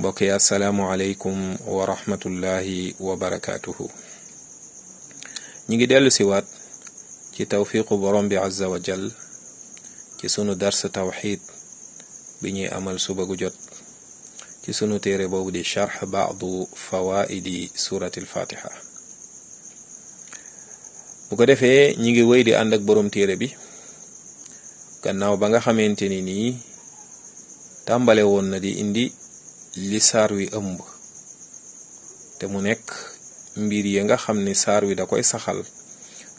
mbokk yi asalaamualeykum wa rahmatullahi wa barakaatuhu ñi ngi dellu siwaat ci tawfiqu borom bi azza wa jal ci sunu dars tawxid bi ñuy amal suba jot ci sunu téere boobu di charx baadu fawaidi surati alfatiha bu ko defee ñi ngi woy di ànd ak borom téere bi gannaaw ba nga xamante ni nii tàmbale woon na di indi li saar wi ëmb te mu nekk mbir yi nga xam ni saar wi da koy saxal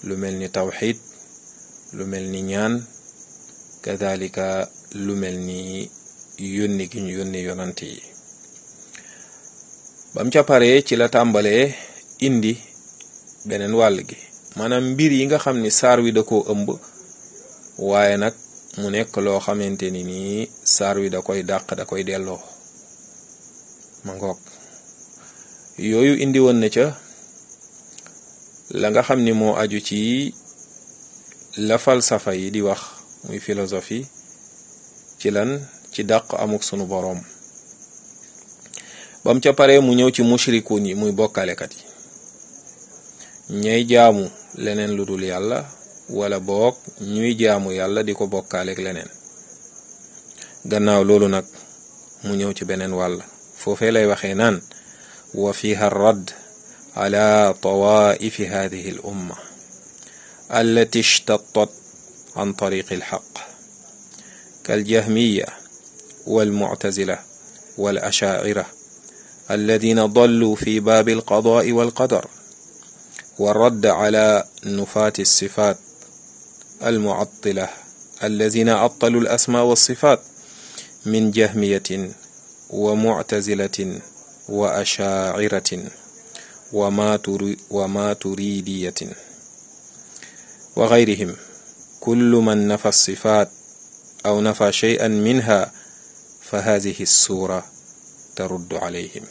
lu mel ni tawxid lu mel ni ñaan kadalika lu mel ni yónni gi ñu yónni yonant yi bam ca pare ci la tàmbalee indi beneen wàll gi maanaam mbir yi nga xam ni saar wi da koo ëmb waaye nag mu nekk loo xamante ni nii saar wi da koy dàq da koy delloo ma yooyu indi na ca la nga xam ni moo aju ci la safa yi di wax muy philosophie ci lan ci dàq amuk sunu boroom bam ca pare mu ñëw ci mushrikuun yi muy bokkalekat yi ñay jaamu leneen lu dul yàlla wala boog ñuy jaamu yàlla di ko bokkaaleek leneen gannaaw loolu nag mu ñëw ci beneen wàll foofee lay waxee naan wa fiha radd ala tawaifi hadihi al umma allati ishtattat an tariqi al haqq kal jahmiya wal mu'tazila wal ashaa'ira alladina dallu fi baabi alqadaai walqadar wa radd ala nufaati alsifat almuattila alladina attalu alasmaa walsifat min jahmiyatin wa muctazilatin wa ashaaciratin wa maturidiyatin wa gayrihim kullu man nafa sifaat aw nafa shay'an minha fa haadihi suura taruddu alayhim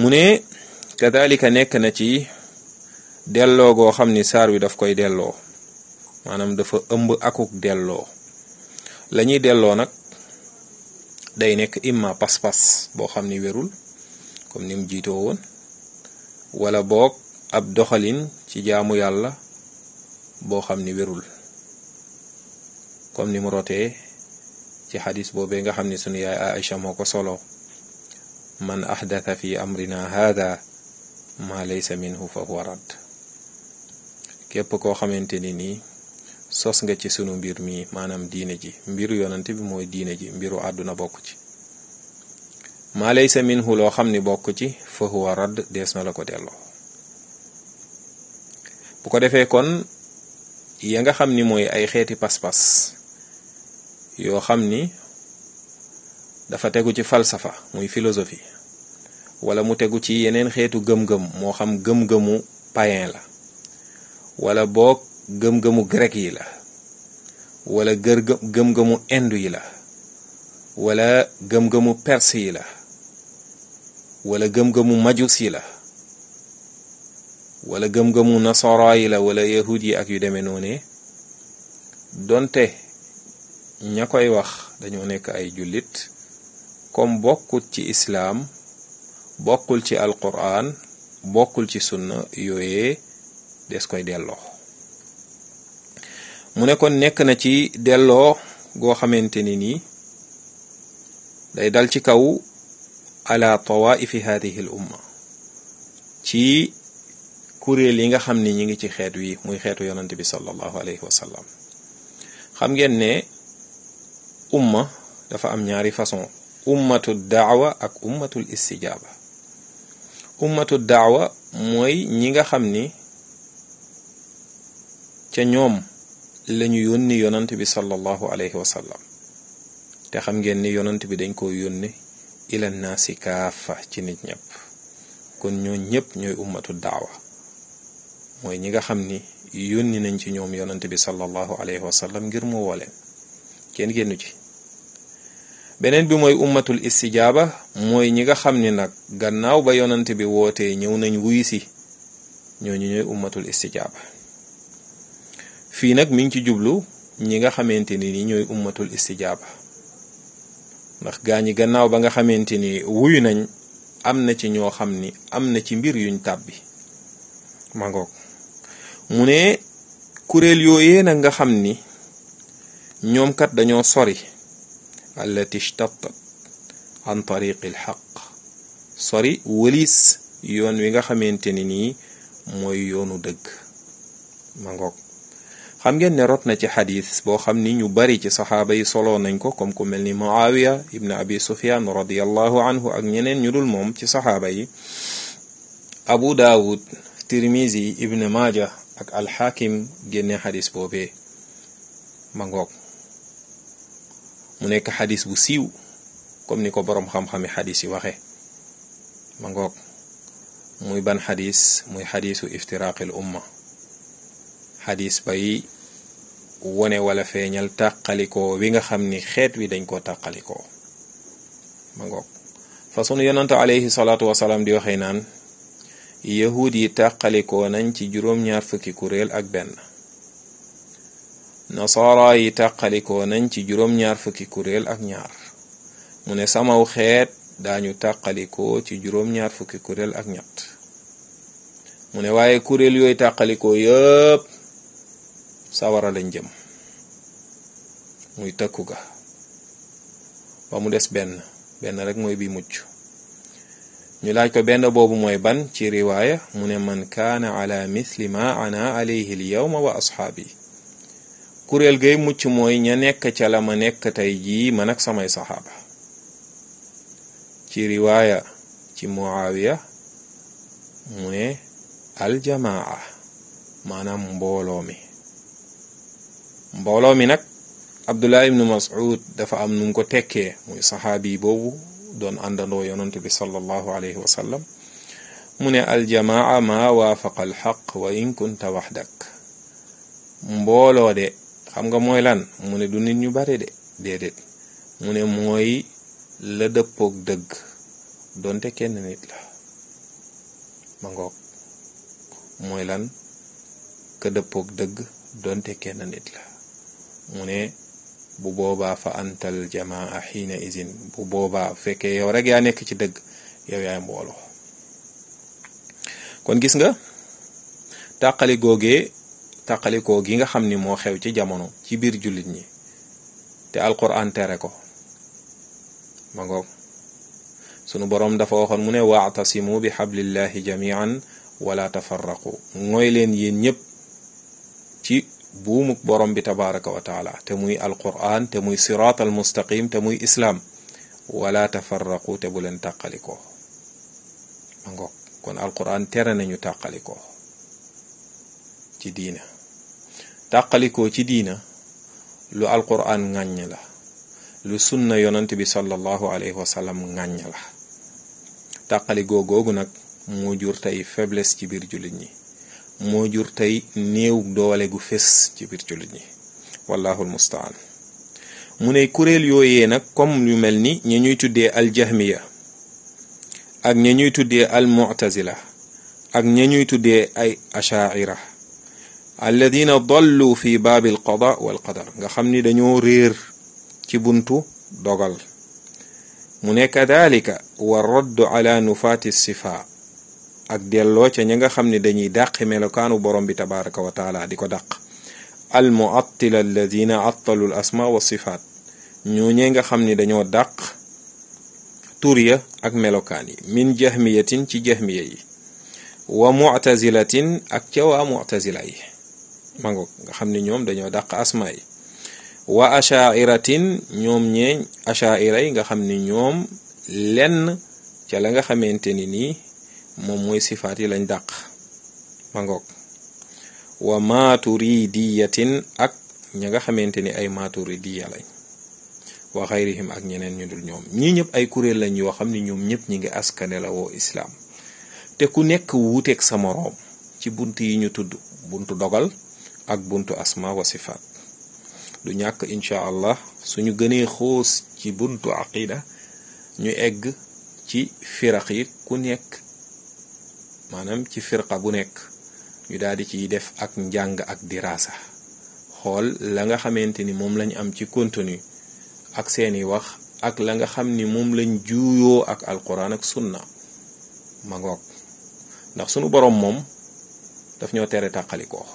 mu ne kadalika nekk na ci delloo goo xam ni saar wi daf koy delloo maanaam dafa ëmb akuk delloo lañuy delloo nag day nekk imma pas-pas boo xam ni wérul comme ni mu jiitoo woon wala boog ab doxalin ci jaamu yàlla boo xam ni wérul comme ni mu ci xadis boobee nga xam ni sunu yaay Aïcha moo ko solo man ahdatha fi amrina hada ma laysa minhu fa huwa képp koo xamante ni nii sos nga ci sunu mbir mii maanaam diine ji mbiru yonante bi mooy diine ji mbiru àdduna bokk ci maa laysa minhu loo xam ni bokk ci fa huwa radd dees na la ko delloo bu ko defee kon ya nga xam ni mooy ay xeeti pas yoo xam ni dafa tegu ci falsafa muy philosophie wala mu tegu ci yeneen xeetu gëm-gëm moo xam gëm-gëmu païen la wala boog gëm-gëmu grec yi la wala gër gëm-gëmu indu yi la wala gëm-gëmu perse yi la wala gëm-gëmu majus yi la wala gëm-gëmu nasara yi la wala yahud yi ak yu demee noone donte ña koy wax dañoo nekk ay jullit comme bokkut ci islaam bokkul ci alquran bokkul ci sunna yooyee des koy delloo mu ne kon nekk na ci delloo goo xamante ni nii day dal ci kaw ala tawaifi hadihi al umma ci kuréel yi nga xam ni ñi ngi ci xeet wi muy xeetu yonante bi sallallahu alayhi wa sallam xam ngeen ne umma dafa am ñaari façon ummatu daawa ak ummatul istijaaba ummatu daawa mooy ñi nga xam ni ca ñoom lañu yónni yonant bi sallallahu alayhi wa te xam ngeen ni yonant bi dañ ko yónni ilan naa kaafa ci nit ñëpp kon ñoo ñëpp ñooy umatul daawa mooy ñi nga xam ni yónni nañ ci ñoom yonant bi sallallahu alayhi wa ngir mu wooleen kenn génnu ci beneen bi mooy umatul istijaaba mooy ñi nga xam ni nag gannaaw ba yonant bi wootee ñëw nañ wuy si ñooñu ñooy ummatul istijaaba fii nag mi ngi ci jublu ñi nga xamante ni ni ñooy ummatul istijaaba ndax gaa ñi gannaaw ba nga xamante ni wuyu nañ am na ci ñoo xam ni am na ci mbir yuñ tàbbi mangoog mu ne kuréel yooyee nag nga xam ni ñoom kat dañoo sori allati ishtattat an tariqil xaq sori wëlis yoon wi nga xamante ni nii mooy yoonu dëgg mangoog xam ngeen ne rot na ci xadis boo xam ni ñu bari ci saxaaba yi soloo nañ ko comme ku mel ni muawiya ibn abi sufyan radiallahu anhu ak ñeneen ñu dul moom ci saxaaba yi abu daawud tirmizi ibn maaja ak alxaakim génne xadis boobee ma ngoog mu nekk xadis bu siiw comme ni ko boroom xam-xami xadis yi waxe ma ngoog muy ban xadis muy xadisu iftiraqil umma xadis bay wone wala feeñal tàqalikoo wi nga xam ni xeet wi dañ koo tàqalikoo ma ngoog fa sunu yonante alayhi salaatu wasalaam di waxee naan yahuud yi tàqalikoo nañ ci juróom-ñaar fukki kuréel ak benn nasaara yi tàqalikoo nañ ci juróom-ñaar kuréel ak ñaar mu ne samaw xeet daañu tàqalikoo ci juróom-ñaar fukki kuréel ak ñett mu ne waaye kuréel yooyu tàqalikoo yëpp sawara lañ jëm muy tëkku ga ba mu des benn benn rek mooy bi mucc ñu laaj ko benn boobu mooy ban ci riwaaya mu ne man kaana ala misli ma ana alayhi al wa asxaabi kuréel gay mucc mooy ña nekk ca la ma nekk tey jii man ak samay saxaaba ci riwaaya ci muawiya mu ne aljamaa maanaam mbooloo mi mbooloo mi nag abdullah ibnu mas'ud dafa am nu ko tekkee muy saxaabi boobu doon àndandoo yonent bi sallallahu alayhi wa ne aljamaa ma waafaqa alxaq wa in kunta waxdak mbooloo de xam nga mooy lan mu ne du nit ñu bare de déedéet mu ne mooy la dëppoog dëgg donte kenn nit mooy lan ka dëgg donte kenn la mu ne bu boobaa fa antal jamaa xiina izin bu boobaa bu fekkee yow rek yaa nekk ci dëgg yow yaay mbooloo kon gis nga tàqali googee tàqalikoo gi nga xam ni moo xew ci jamono ci biir jullit ñi te alquran tere ko ma sunu boroom dafa waxoon mu ne wa waatasimu bi xablillahi jamian wala tafarraqu mooy leen yéen ñëpp buumu borom bi tabaraka wa te muy alquran te muy sirat al mustaqim te muy islaam wala tafarraqu te bu leen tàqalikoo ma ngoog kon alquran tere nañu tàqalikoo ci diina tàqalikoo ci diina lu alquran ŋàññ la lu sunna yonent bi sallallahu alayhi wa sallam la tàqaligoo googu nag moo jur tey faiblesse ci biir jullit ñi moo jur tey néew doole gu fés ci biir jullit ñi wallahul mu ne kuréel yooyee nag comme yu mel ni ña ñuy tuddee aljahmiya ak ña ñuy tuddee almutazila ak ña ñuy tuddee ay ashaira alladina dallu fi baabi alqada wal qadar nga xam ni dañoo réer ci buntu dogal mu ne kadalika wa raddu ala nufaati sifa ak delloo ca ñi nga xam ne dañuy dàqi melokaanu borom bi tabaraka wa di ko dàq al muattila alladina attalu al wa sifaat ñooñee nga xam ni dañoo dàq tur ak melokaan yi min jahmiyatin ci jahmiya yi wa mu'tazilatin ak ca waa mu'tazila yi mango nga xam ni ñoom dañoo dàq asma yi wa ashairatin ñoom ñeeñ ashaira yi nga xam ni ñoom lenn ca la nga xamante ni nii moom mooy sifaat yi lañ dàq ma ngoog wa maturidiyatin ak ña nga xamante ni ay maturidiya lañ wa xayrihim ak ñeneen ñu dul ñoom ñii ñëpp ay kuréel lañ yoo xam ne ñoom ñëpp ñi ngi askane la woo islaam te ku nekk wuuteek sa moroom ci bunt yi ñu tudd buntu dogal ak buntu asma wa sifaat du ñàkk incha allah suñu gënee xoos ci buntu aqida ñu egg ci firaq yi ku nekk maanaam ci firqa bu nekk ñu daal di ciy def ak njàng ak diraasa xool la nga xamante ni moom lañ am ci contenu ak seeni wax ak la nga xam ni moom lañ juuyoo ak alquran ak sunna ma ngoog ndax sunu boroom moom daf ñoo tere tàqalikoo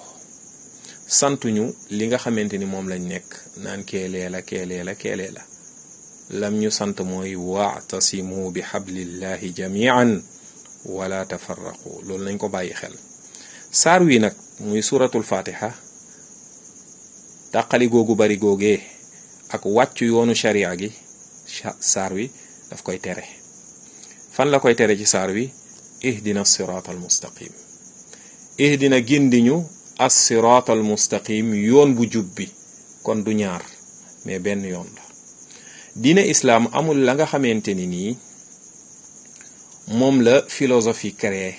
santuñu li nga xamante ni moom lañ nekk naan keelee la keelee la keelee la lam ñu sant mooy waatasimu bi xablillahi jamian wala tafarraqu loolu nañ ko bàyyi xel saar wi nag muy suuratul fatiha tàqali googu bari googee ak wàcc yoonu sharia gi saar wi daf koy tere fan la koy tere ci saar wi ihdina siraat al mustaqim ihdina gindiñu as siraat al mustaqim yoon bu jub bi kon du ñaar mais benn yoon la diine islaam amul la nga xamante ni nii moom la philosophie créé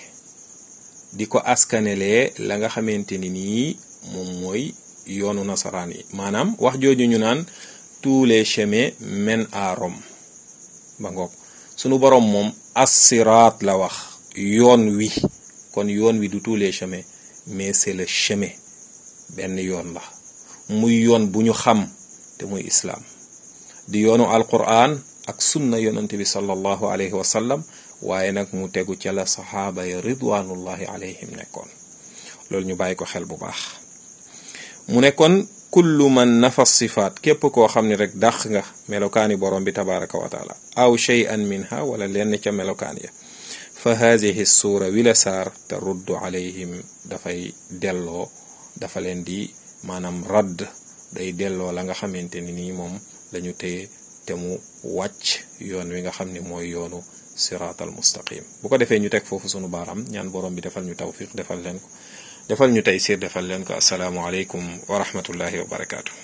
di ko askanelee la nga xamante ni nii moom mooy yoonu nasaraan yi maanaam wax jooju ñu naan tous les chemins mènent à Rome ba sunu boroom moom assiraat la wax yoon wi kon yoon wi du tous les chemins mais c'est le chemin benn yoon la muy yoon bu ñu xam te muy islaam di yoonu alquran ak sunna yonante bi sallallahu alayhi wa sallam waaye nag mu tegu ca la saxaaba ya ridwanullahi alayhim nekkoon loolu ñu bàyyi ko xel bu baax mu nekkoon kullu man nafa sifaat képp koo xam ne rek dàq nga melokaani borom bi tabaraka wa taala aw shay'an minha wala lenn ca melokaan ya fa haadihi suura wila saar te ruddu alayhim dafay delloo dafa leen di maanaam radd day delloo la nga xamante ni nii moom lañu téye te mu wàcc yoon wi nga xam ni mooy yoonu siraatal mustaqim bu ko defee ñu teg foofu sunu baaraam ñaan boroom bi defal ñu tawfiq defal leen ko defal ñu tey siir defal leen ko asalaamualeykum wa rahmatullahi wa